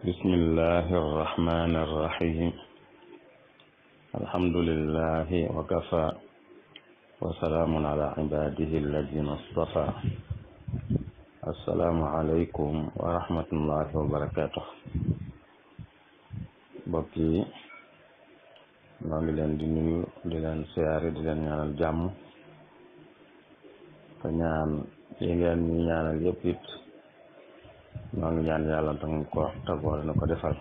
بسم الله الرحمن الرحيم الحمد لله وكفى وسلام على عباده الذين اصطفى السلام عليكم ورحمة الله وبركاته بكي نعمل دي نيو دي سياري لن لان نيانال جام لن يي يبيت ñoo ngi ñaan yàlla danga ko tagoore na ko defal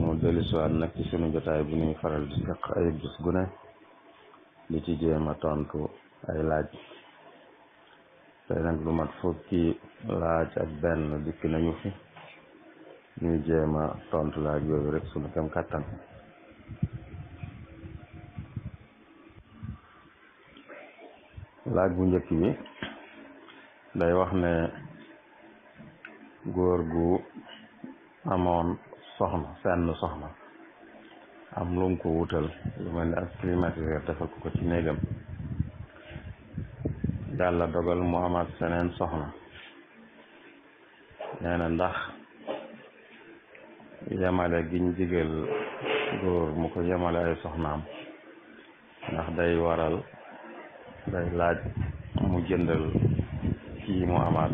mu dellu siwaat ci sunu jotaay bu ñuy faral di seq ay bés gu ne ci jéem tontu ay laaj tey nag lu mat fukki laaj ak benn dikk nañu fi ñuy jéem tontu laaj yooyu rek sunu kem kàttan laaj bu njëkk bi day wax ne góor gu amoon soxna senn soxna am lu mu ko wutal lu mel ni ak climatiseur defal ko ko ci néegam yàlla dogal mu amaat seneen soxna nee ndax yemale giñ digal góor mu ko yemale ay soxnaam ndax day waral day laaj mu jëndal kii mu amaat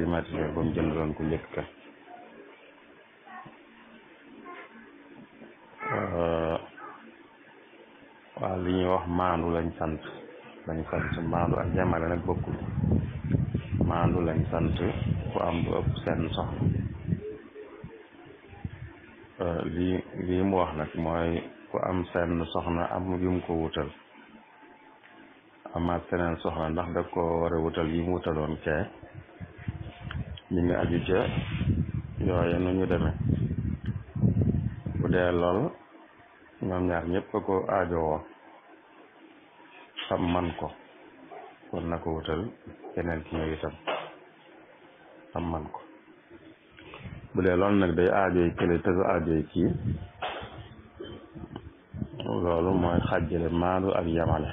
primature ba mu jëndaloon ku njëkk wax maandu lañ sant lañ sant maandu ak jamale nag bokkul maandu lañ sant ku am seen soxla euh, lii lii wax nag mooy ku am seen soxna am yum ko wutal amaat seneen soxna ndax da ko war a wutal yi kee li nga aju ca yooye nu ñu demee bu dee lool ñoom ñaar ñëpp a ko aajowoo xam man ko kon na ko wutal keneen ki ñëw itam man ko bu dee loolu nag day aajoy kële te du aajoy kii loolu mooy xàjjale maandu ak yamale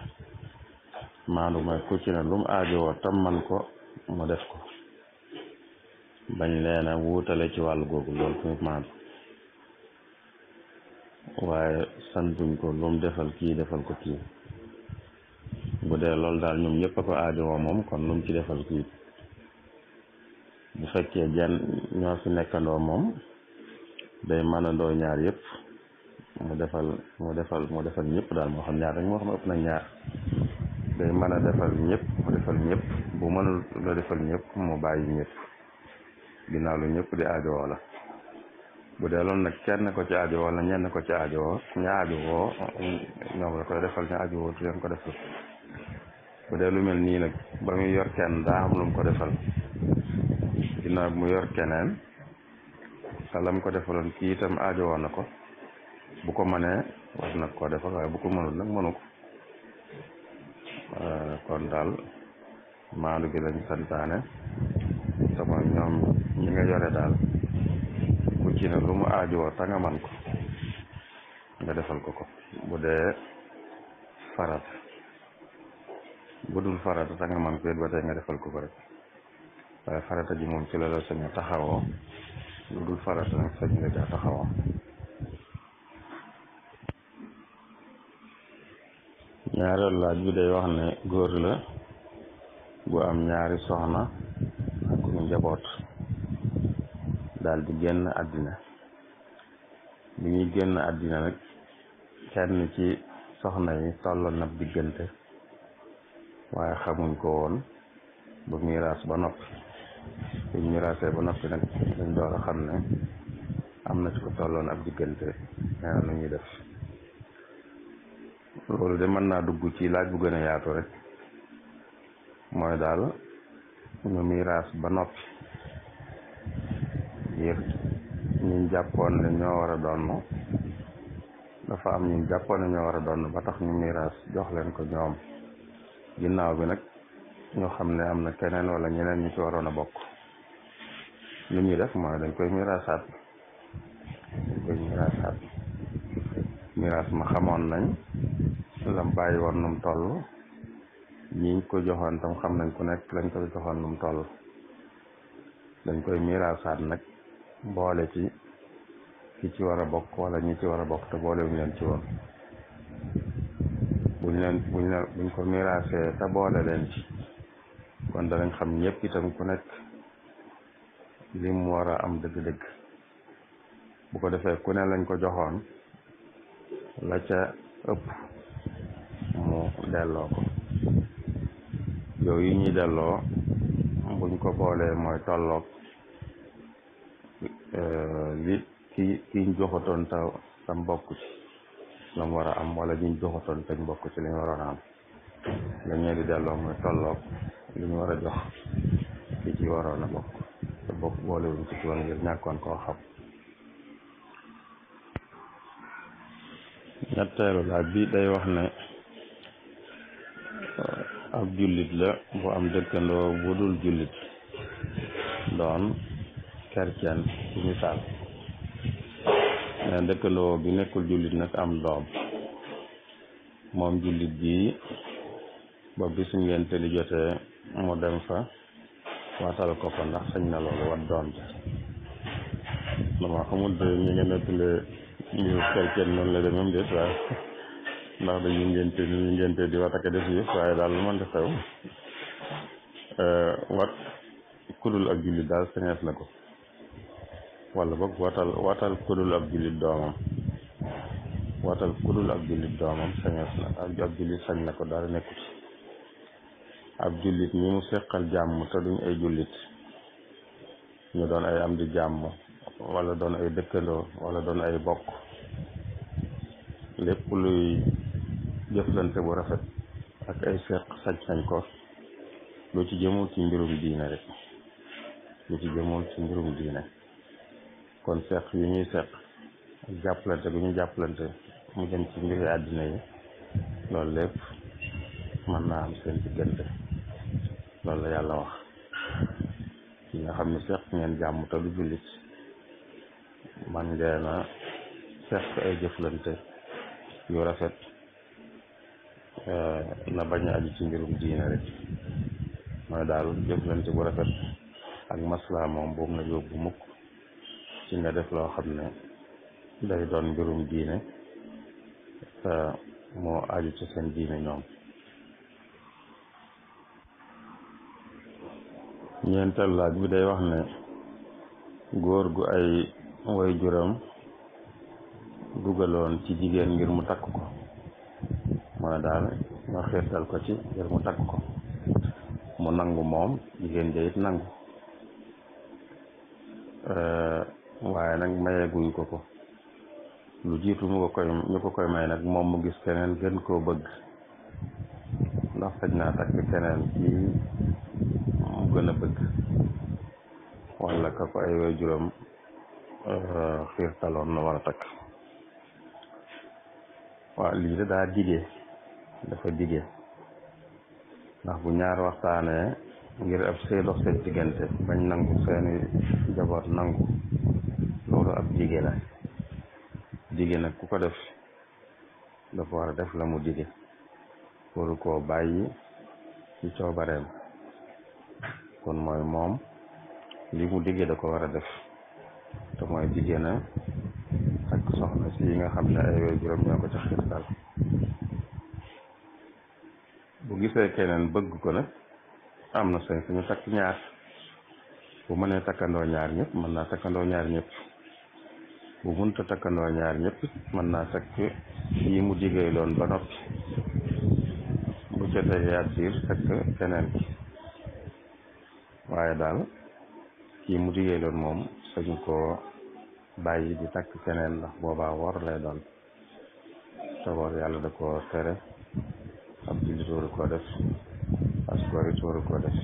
maandu mooy ku ci ne lu mu tam man ko mu def ko bañ leen a wuutale ci wàllu googu loolu fi maanaam waaye santuñ ko lu mu defal kii defal ko kii bu dee loolu daal ñoom ñëpp a ko aajowoo moom kon lu mu ci defal kii bu fekkee jenn ñoo fi nekkandoo moom day mënandoo ñaar yëpp mu defal mu defal mu defal ñëpp daal moo xam ñaar rek moo xam ëpp na ñaar day mën a defal ñëpp mu defal ñëpp bu mënul la defal ñëpp mu bàyyi ñëpp ginnaaw lu ñëpp di aajowoo la bu dee loolu nag kenn ko ci aajowoo la ñenn ko ci aajowoo ña aajowoo ñoom defal ña ko defal bu dee lu mel nii nag ba muy yor kenn daa am lu mu ko defal ginnaaw bi mu yor ko defaloon kii itam na ko bu ko mënee war nag koo defal waaye bu ko mënul nag mënu ko euh, kon daal maandu gi lañ santaane sama ñoom ñi nga yore daal ku ci ne lu mu aajowoo ta nga man ko nga defal ko ko bu dee farata bu dul farata ta nga man ko ba tey nga defal ko ko rek waaye farata ji moom ci la la sañ a taxawoo lu dul farata nag sañ nga jaa taxawoo ñaareel laaj bi day wax ne góor la gu am ñaari soxna ak ku njaboot daal di génn àddina bi ñuy génn àddina nag kenn ci soxna yi tolloon nag diggante waaye xamuñ ko woon ba miraas ba noppi bu miraasee ba noppi nag dañ door a xam ne am na ci ko tolloon ab diggante ñaar nu ñuy def loolu de mën naa dugg ci laaj bu gën a yaatu rek mooy daal ñu miraas ba noppi biir ñun jàppoon ne ñoo war a donn dafa am ñun jàppoon ne ñoo war a donn ba tax ñu miraas jox leen ko ñoom ginnaaw bi nag ñoo xam ne am na keneen wala ñeneen ñu ci waroon a bokk li ñuy def mooy dañ koy miraasaat dañ koy miraasaat miraas ma xamoon nañ lam bàyyi woon num toll ñiñ ko joxoon tam xam nañ ku nekk lañ ko joxoon num toll dañ koy miraasaat nag boole ci ki ci war a bokk wala ñi ci war a bokk te boolewuñ leen ci woon buñ leen buñ leen buñ ko miraasee te boole leen ci kon danañ xam ñëpp itam ku nekk li mu war a am dëgg-dëgg bu ko defee ku ne lañ ko joxoon la ca ëpp mu delloo ko yooyu ñuy delloo buñ ko boolee mooy tolloog Euh, li ki kiñ joxatoon ta tam bokk ci la mu war a am wala ñuñ joxatoon tañ bokk ci li ñu waroon a am lañee di delloo mooy tolloog li ñu war a jox ki ci waroon a bokk te bokk boolewuñ ko ci woon ngir ñàkkoon koo xam ñetteelu laaj bi day wax ne ab jullit la bu am dëkkandoo bu dul jullit doon chrétien ci misaal dëkkandoo bi nekkul jullit nag am doom moom jullit bi ba bisu ngénte li jotee mu dem fa waatal ko fa ndax sañ na loolu wat doom ja dama xamul ñi nga nettalee mbiru chrétien noonu la demee mu des waaye ndax dañu ngénte ñu ngénte di wat ak waaye daal lu mën di xew eh, wat kudul ak jullit daal sañees na ko wala boog watal watal kudul ab jullit doomam watal kudul ab jullit doomam sañes na ab jullit sañ na ko dara nekku ci ab jullit ñi mu seqal jàmm te duñ ay jullit ñu doon ay am di jàmm wala doon ay dëkkandoo wala doon ay bokk lépp luy jëflante bu rafet ak ay seq sañ ko lu ci jëmul ci mbirum diine rek lu ci jëmul ci mbirum diine kon seq yu ñuy seq ak jàppalante bu ñu jàppalante mu jëm ci mbiri àddina yi loolu lépp mën naa am seen diggante loolu la yàlla wax ki nga xam ne seq ngeen jàmm te du jullit man ngeen a seq ay jëflante yu rafet eh, na bañ a aju ci mbirum diine rek mooy daal jëflante bu rafet ak maslaa moom boobu na yóbbu mukk ci nga def loo xam ne day doon mbirum diine te moo aju ci seen diine ñoom ñeenteel laaj bi day wax ne góor gu ay way juram dugaloon ci jigéen ngir mu takk ko mooy daal nga xiirtal ko ci ngir mu takk ko mu nangu moom jigéen ja nangu eh, waaye nag mayeeguñ ko ko lu jiitu ñu ko koy may nag moom mu gis keneen gën koo bëgg ndax sañ naa takk keneen ci mu gën a bëgg wala ka ko ay waajuram euh, xiirtaloon na war a takk waaw lii de daa digee dafa digee ndax bu ñaar waxtaanee ngir ab sëy dox seen bañ nangu seeni jaboot nangu dige la dige nag ku ko def dafa war a def la mu dige waru koo bàyyi ci coobareem kon mooy moom li mu diggee da ko war a def te mooy dige na ak soxna si nga xam ne ay wéy juróom ñoo ko ca xiirtal bu gisee keneen bëgg ko nag am na sañ suñu takk ñaar bu mënee takkandoo ñaar ñëpp mën naa takkandoo ñaar ñëpp bu munta takkandoo ñaar ñépp mën naa takk yi mu digay loon ba noppi bu ca tegee ab keneen ki waaye daal kii mu digay loon moom sañ koo bàyyi di takk keneen ndax boobaa wor lay doon te yàlla da koo tere ab jullit waru koo def askor it waru def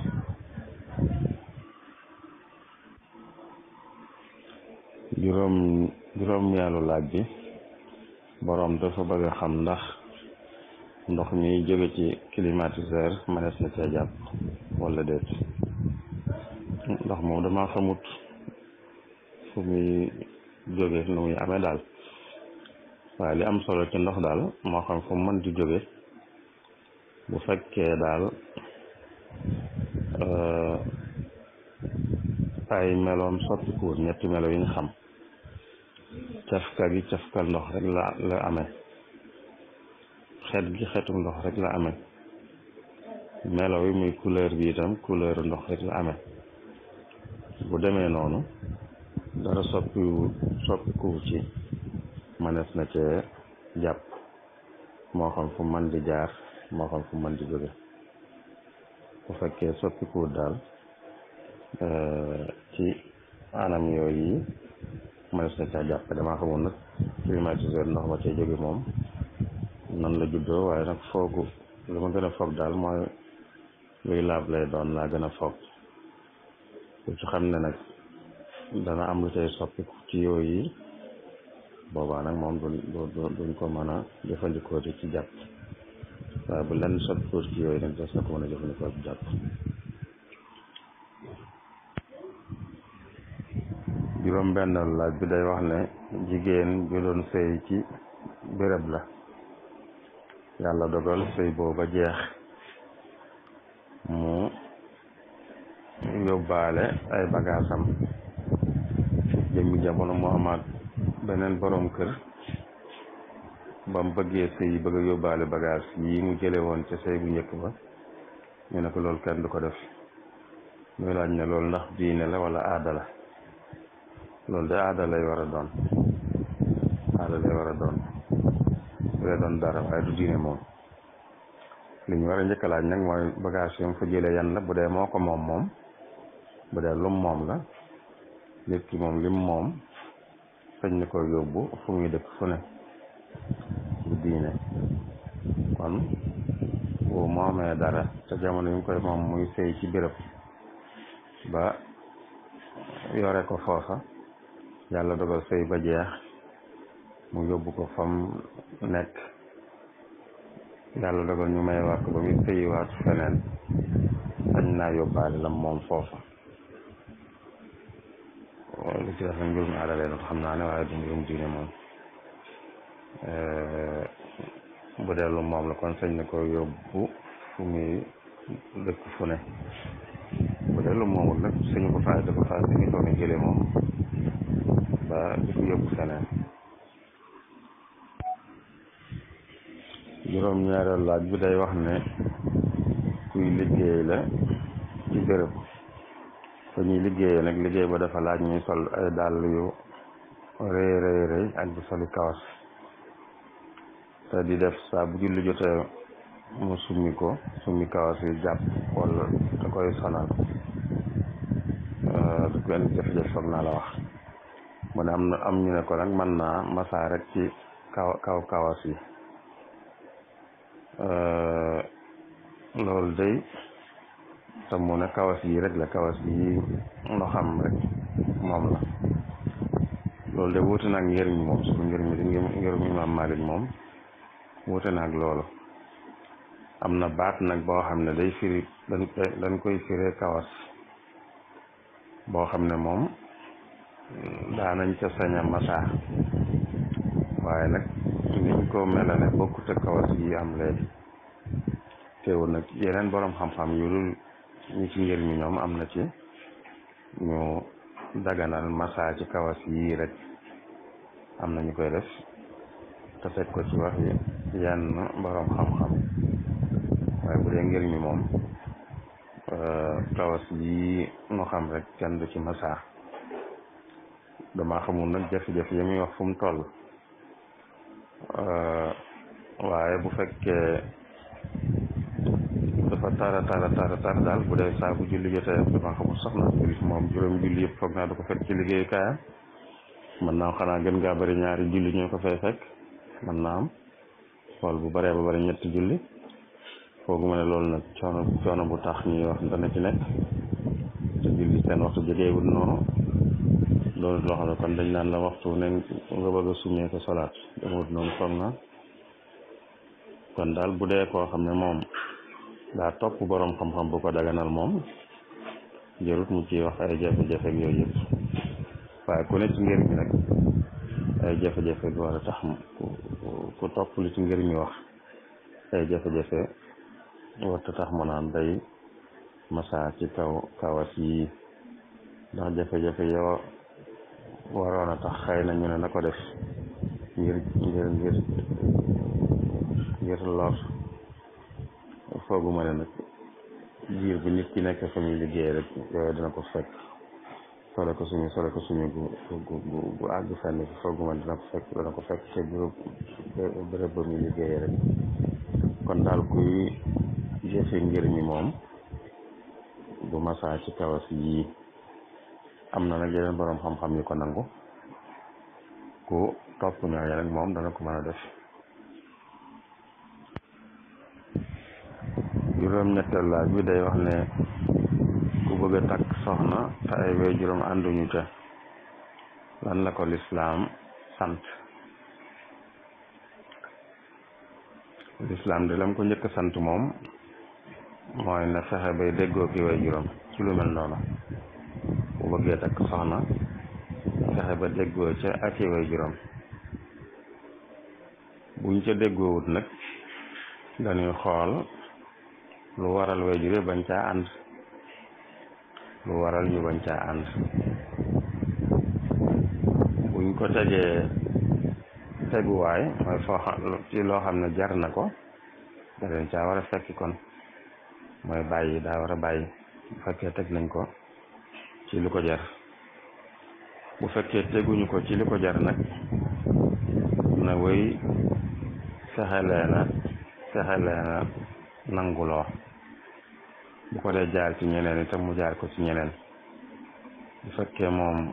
juróom juróom-ñaalu laaj bi boroom dafa bëgg a xam ndax ndox mi jóge ci climatiseur mënees na cee jàpp wala déet ndox moom dama xamut fu muy jóge nu muy amee daal waaye li am solo ci ndox daal moo xam fu mën di jóge bu fekkee daal euh, ay meloom soppikuwut ñetti melo yi ñu xam cafka gi cafka ndox rek la la ame xeet gi xeetum ndox rek la amee melo yi muy couleur bi itam couleur ndox rek la amee bu demee noonu dara soppiwu soppiku ci mënees na cee jàpp moo xam fu mën di jaar moo xam fu mën di jóge bu fekkee soppikuwut daal euh, ci anam yooyu mënees na caa jàpp damaa xamoon nag climatiseur ndox ma cee jóge moom nan la juddoo waaye nag foogu li ma gën a foog daal mooy luy laab lay doon laa gën a foog ci xam ne nag dana am lu cay soppiku ci yooyu yi boobaa nag moom duñ duñ ko mën a jëfandikoo ci jàpp waaye bu lenn soppiku ci yooyu nag des na ko mën a jëfandikoo ci jàpp juróom benn laaj bi day wax ne jigéen ju doon sëy ci béréb la yàlla dogal sëy booba jeex mu yóbbaale ay bagaasam jëmmi jamono mu amaat beneen boroom kër ba mu bëggee sëy yi bëgg yóbbaale bagaas yi mu jële woon ca sëy bu njëkk ba ñu ne ko loolu kenn du ko def muy laaj ne loolu ndax diine la walla aada la loolu de aada lay war doon aada lay war a doon lay doon dara waaye du diine moom li ñu war a njëkk nag mooy bagage yi fa jëlee yan la bu dee moo ko moom moom bu dee lum moom la nit ki moom lim moom na ko yóbbu muy jamono yi mu koy moom muy sëy ci béréb ba yore ko foofa yàlla dogal sëy ba jeex mu yóbbu ko fam nekk yàlla dogal ñu may waat ba muy sëyiwaat feneen dañ naa yóbbaale la moom foofa lu ci def nag mbirum aada leen xam naa ne waaye du mbirum diine moom eh, bu dellu moom la kon sañ na ko yóbbu fu muy dëkk fu ne bu dellu moomul nag suñu ko faay dafa faay dañu ko ne jële moom ba di ko yóbbu feneen juróom ñaareel laaj bi day wax ne kuy liggéey la ci béréb fa ñuy liggéeyee nag liggéey ba dafa laaj ñuy sol ay dàll yu rëy rëy rëy ak di soli kawas te di def saa bu julli jotee mu summi ko summi kawas yu jàpp wala da koy sonal du benn jafe foog naa la wax mu ne am na am ñu ne ko nag mën naa masaa rek ci kaw kaw kawas yi euh, loolu day te mu ne kawas yi rek la kawas yi no xam rek moom la loolu de wuute naag njëriñ moom suñu njëriñ njëriñu Imaam Maalik moom wuute naag loolu am na baat nag boo xam ne day firi dañ koy firee kawas boo xam ne moom daanañ ca sañ a waaye nag niñ ko melale bokkut kawas yi am léegi teewul nag yeneen boroom xam-xam yu dul ñi ci ngir mi ñoom am na ci ñu daganal masaa ci kawas yii rek am na ñu koy def te teg ko ci wax yi yenn borom xam-xam waaye bu dee ngir mi moom euh, kawas yii ñu xam rek kenn du ci masaa dama xamul nag jafe-jafe yi wax fu mu toll waaye bu fekkee dafa tara tara tara tar daal bu dee saa bu julli jotee dama xamul sax julli moom juróom julli yëpp foog naa du ci liggéey kaayam mën naa am gën ngaa bëri ñaari julli ñoo fay fekk mën naa am bu ba julli bu tax wax dana ci julli seen waxtu loolu loo xam ne kon dañ naan la waxtu ne nga bëgg a salaat demut noonu na kon daal bu dee koo xam ne moom daa topp boroom xam-xam bu ko daganal moom jërut mu ciy wax ay jafe-jafe ak ay jafe-jafe bi war tax ku topp li ci mi wax ay jafe-jafe warta tax mu naan day masa ci kaw kawas yi ndax jafe-jafe yoo waroon a tax xëy na ñu ne na ko def ngir ngir ngir ngir lor fooguma ne nag diir bu nit ki nekk fa muy liggéey rek yooyu dina ko fekk sole ko suñu sole ko suñu gu gu gu àgg fenn fi fooguma dina ko fekk dana ko fekk te bërëb bërëb ba muy liggéey rek kon daal kuy jëfe ngir mi moom bu masaa ci kawas yii am na nag yeneen boroom xam-xam yu ko nangu ku topp moom dana ko mën a def juróom-ñetteel laaj bi day wax ne ku bëgg a takk soxna te ay wéy juróom ànduñu ca lan la ko lislaam sant lislaam de lam ko njëkk sant moom mooy na fexe bay déggoo ki juróom ci noonu bu bëggee takk soxna fexe ba déggoo ca ak way buñ ca déggoowut nag dañuy xool lu waral way jure bañ caa ànd lu waral ñu bañ ca ànd buñ ko tegee teguwaay mooy foo xam ci loo xam ne jar na ko da leen caa war a fekki kon mooy bàyyi daa war bàyyi fekkee teg nañ ko ci li ko jar bu fekkee teguñu ko ci li ko jar nag na woy fexeleena fexeleena nanguloo bu ko dee jaar ci ñeneen itam mu jaar ko ci ñeneen bu fekkee moom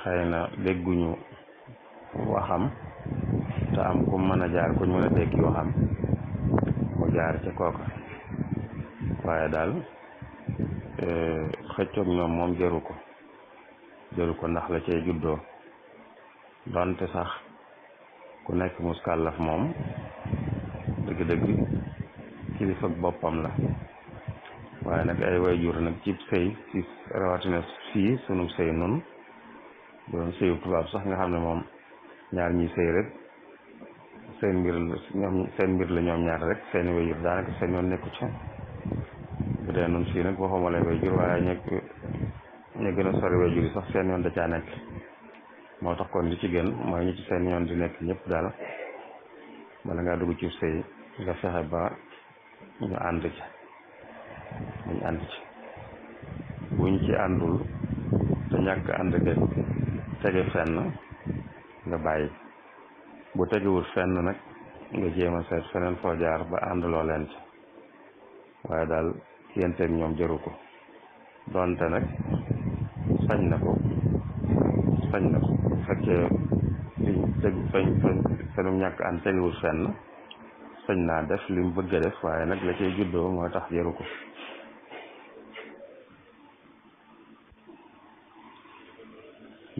xëy na dégguñu waxam te am ku mën a jaar kuñ mën a dégg waxam mu jaar ci kooka waaye daal xëccoog ñoom moom jëru ko jëru ko ndax la cee juddoo donte sax ku nekk muskàllaf moom dëgg-dëgg kilifa boppam la waaye nag ay wayjur nag cib sëy ci rawatina fii sunu sëy nun bu sëyu tubaab sax nga xam ne moom ñaar ñi sëy rek seen mbir la ñoom seen mbir la ñoom ñaar rek seen wayjur daanaka seen yoon nekku ci dee noonu fii nag waxuma la way jur waaye ña ña gën a yi sax seen yoon da caa nekk moo tax kon li ci gën mooy ñi ci seen yoon di nekk ñëpp daal bala ngaa dugg ci sëy nga fexe ba ñu ànd ci ñu ànd ci buñ ci àndul te ñàkk ànd ga tege fenn nga bàyyi bu tegewul fenn nag nga jéem a seet feneen foo jaar ba ànd loo leen ci waaye daal yenteeg ñoom jëru ko donte nag sañ na ko sañ na ko bu fekkee liñ teg sañ sañ senum ñàkk an teguwul fenn sañ naa def li mu bëgg a def waaye nag la cay juddoo moo tax jëru ko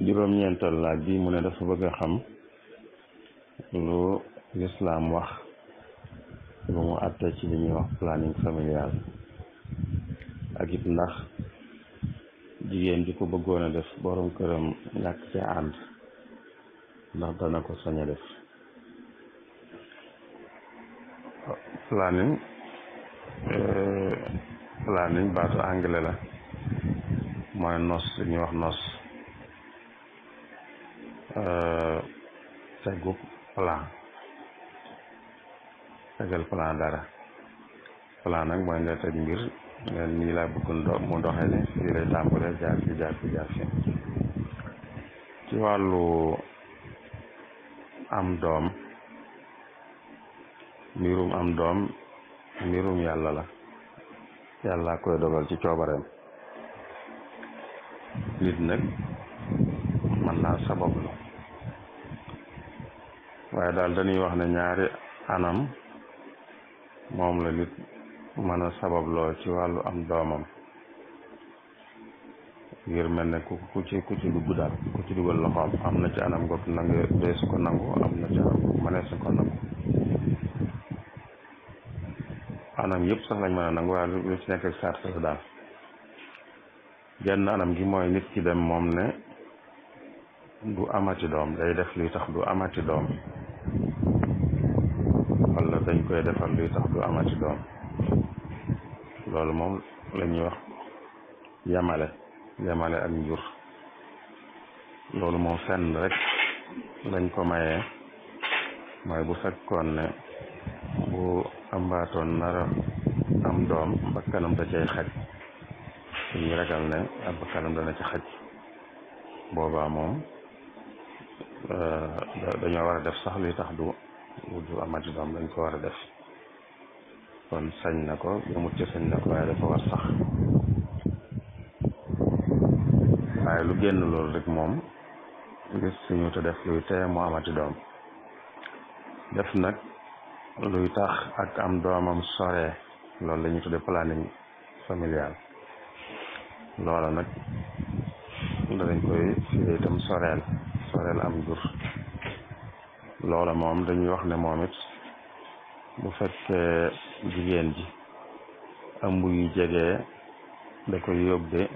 juróom-ñeental laaj bi mu ne dafa bëgg a xam lu lislaam wax lu mu àtte ci li ñuy wax planning familial ak it ndax jigéen ji ko bëggoon a def borom këram ñàkk ci ànd ndax dana ko def planning eh, planning baatu anglais la mooy nos li wax nos eh, tegu plan tegal plan dara plan nag mooy nga teg mbir nii laa bëggoon ci wàllu am doom mbirum am doom mbirum yàlla la yàlla koy dogal ci coobareem nit nag mën naa sabablu waaye daal dañuy wax ne ñaari anam moom la nit mën a sababloo ci wàllu am doomam ngir mel ne ku ku ci ku ci dugg daal ku ci dugal loxoom am na ci anam goog nangu dees ko nangu am na ci anam goog mënees ko nangu anam yëpp sax lañ mën a nangu waaye lu ci nekk ak sart la daal genn anam gi mooy nit ki dem moom ne du amati doom day def luy tax du amati doom wala dañ koy defal luy tax du amati doom loolu moom la ñuy wax yamale yamale ak njur loolu moom fenn rek lañ ko maye may bu fekkoon ne bu ambaatoon nara am doom bakkanam da cay xaj suñu ragal ne ab bakkanam dana ci xaj boobaa moom euh, dañoo war a def sax luy tax du du amati doom dañ ko war a def kon sañ na ko bu mucc sañ na ko waaye dafa war sax waaye lu génn loolu rek moom luy tee mu amati doom def nag luy tax ak am doomam sore loolu la ñu tudde planning familial loola nag danañ koy firee itam soreel soreel am jur loola moom dañuy wax ne moom bu fekkee jigéen ji ëmb yu jege da koy yóbbe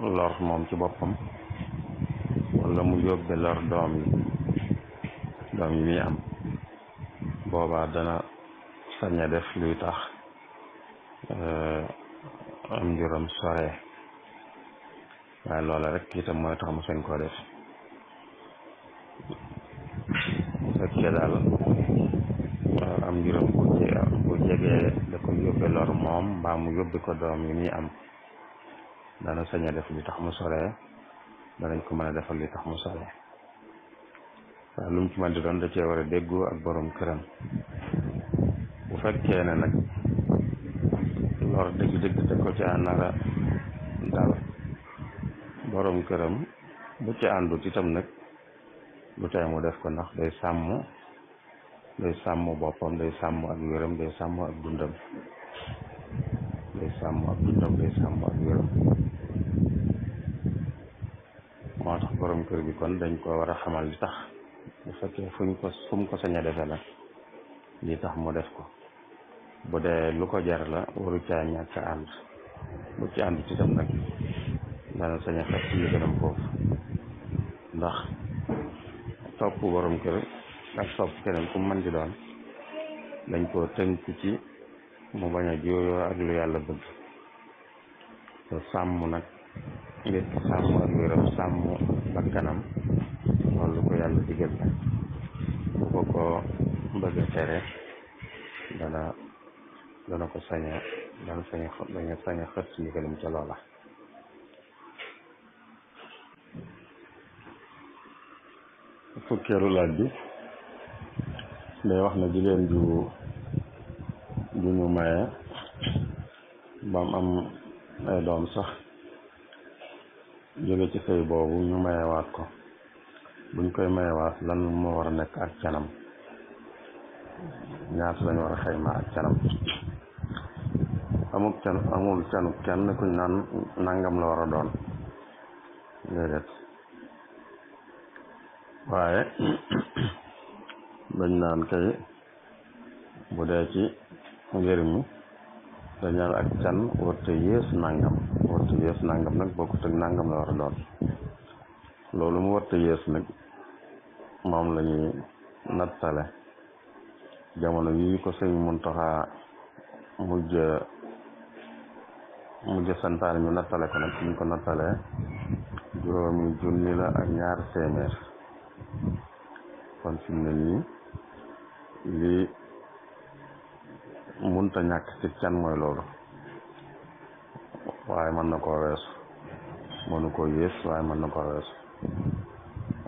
lor moom ci boppam wala mu yóbbe lor doom yi doom yi muy am boobaa dana sañ def luy tax eh, am njuram sore waaye loola rek itam mooy tax mu sañ def bu fekkee daal am mbiram bu je bu jegee da ko yóbbe lor moom mbaa mu yóbbe ko doom yi muy am dana sañ a def li tax mu soree danañ ko mën a defal li tax mu soree lu mu ci mën di doon da cee war a déggoo ak borom këram bu fekkee ne nag lor dëgg-dëgg da ko caa nara dal borom këram bu ci àndut itam nag lu tey mu def ko ndax day sàmm day sàmm boppam day sàmm ak wéram day sàmm ak dundam day sàmm ak dundam day sàmm ak wéram moo tax borom kër bi kon dañ ko war a xamal li tax bu fekkee fuñ ko fu mu ko sañ a defe la li tax mu def ko bu dee lu ko jar la waru caa ñàkk ànd bu ci ànd ci tam nag dana sañ a xet ci gënam foofu ndax topp borom kër ak sopp keneen ku mën di doon dañ koo tënk ci mu bañ a jooyoo ak lu yàlla bëgg sàmm nag nit sàmm ak wéram sàmm bakkanam loolu ko yàlla digal la bu ko ko bëgg tere dana dana ko sañ dana sañ a daña sañ ca loola fukkeelu laaj bi day wax na jigéen ju ju ñu maye bam am ay doom sax jóge ci sëy boobu ñu mayewaat ko buñ koy mayewaat lan moo war a nekk ak canam ñaata lañ war a xayma ak canam amul can amul canu kenn kuñ naan nangam la war a doon waaye dañ naan kay bu dee ci ak can warta yées nangam warta yées nangam nag bokkut ak nangam la war doon loolu mu warta yées nag moom la nattale jamono yi ko sëñ Muntaxa mujj mujj santaane ñu nattale ko nag suñ ko juróomi junni la ak ñaar téeméer kon fi nii li munta ñàkk ci can mooy loolu waaye mën na koo weesu mënu koo yées waaye mën na koo weesu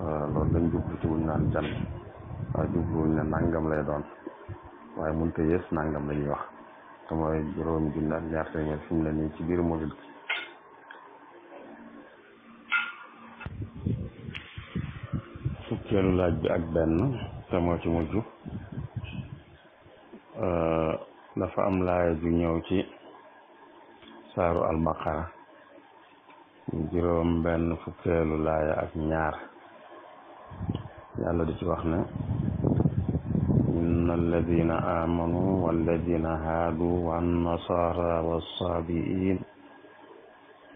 euh, loolu dañ jublu ci wuñ naan can waaye jubluwuñ ne nangam lay doon waaye munta yées nangam la ñuy wax te mooy juróomi junni ñaar téeméer fi mu ne ci biir murid fukkeelu laaj bi ak benn te moo ci mujj Euh, dafa am laaya ju ñëw ci saaru albaqara juróom benn fukkeelu laaya ak ñaar yàlla di ci wax ne inna alladina amanu walladina haadu wannasara wassaabiin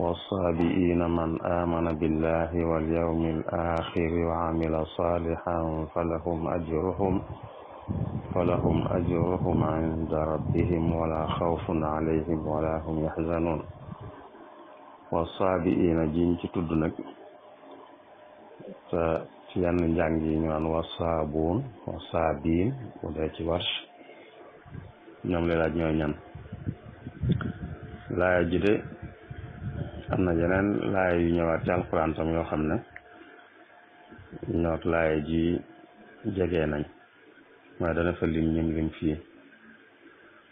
والصابئين من آمن بالله واليوم الآخر وعمل صالحا فلهم أجرهم falahum ajruhum inda rabbihim wala xawfun alayhim wala hum yaxzanuun wa saabiina jiñ ci tudd nag te ci yenn yi ñu naan wa saabuun wa saabiin bu dee ci warsh ñoom la laaj ñooy laaya ji de am na yeneen laaya yu ñëwaat ci alxuraan tam yoo xam ne ñook laaya ji jege nañ waaye dana fa lim ñim lim fii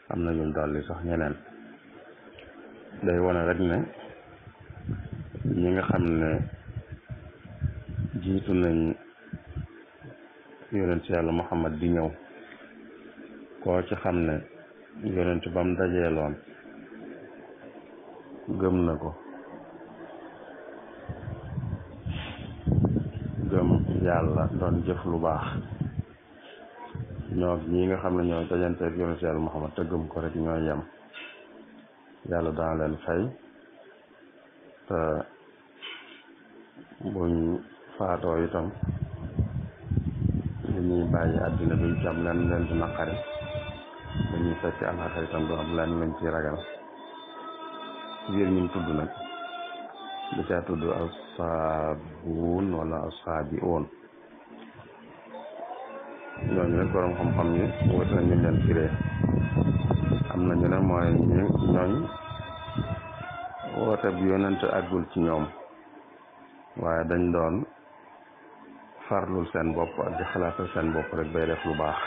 am na ñun dolli sax ñeneen day wane rek ne ñi nga xam ne jiitu nañ yonent yàlla muhammad di ñëw koo ci xam ne yonent ba mu dajeeloon gëm na ko gëm yàlla doon jëf lu baax ñoo ñi nga xam ne ñooy dajanteeg yonent yàlla Muhammad te gëm ko rek ñooy yem yàlla dana leen fay te buñ faatoo itam li ñuy bàyyi àddina bi jam leen leen di naqari li ñuy fekk alaxar itam du leen lañ ci ragal ci biir ñun tudd nag da caa tudd as saabuun wala as saabi oon ñooñu nag borom xam-xam yi wut na leen firee am na ñu ne mooy ñu ñooñ woote bi yonent àggul ci ñoom waaye dañ doon farlul seen bopp ak di xalaatal seen bopp rek bay def lu baax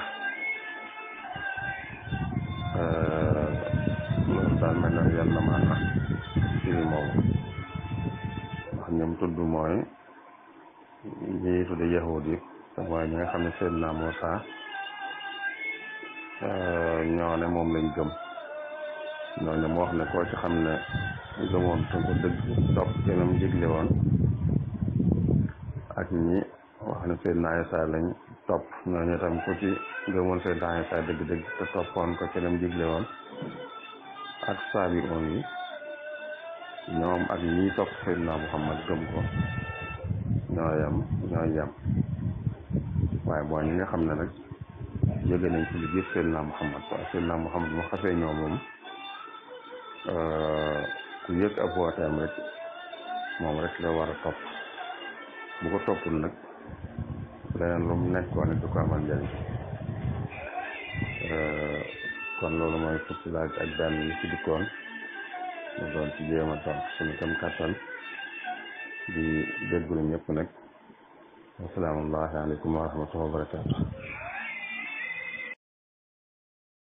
loolu daal mel tudd mooy ñi tudde yahud yi waaye ñi nga xam ne Seydina Moussa euh, ñoo ne moom lañ gëm ñooñu mu wax ne koo ci xam ne gëmoon ko dëgg topp ci dëgg-dëgg ko kenam jigle woon ak saabi oon yi ñoom ak ñi topp Seydina Muhammad gëm ko ñoo yam ñoo yam waaye boo ñi nga xam ne rek jóge nañ ci liggéey Seydina Muhammad waaye Seydina Muhammad mu xasee ñoo moom euh, ku yëg ab wooteem rek moom rek la war a topp bu ko toppul nag leneen lu mu nekkoon du ko amal njëriñ euh, kon loolu mooy fukki laaj ak benn yi ci dikkoon doon ci jéem a topp suñu kam kàttan di dégglu ñëpp nag assalaamu aleykum wa rahmatullaahi wa barakaatu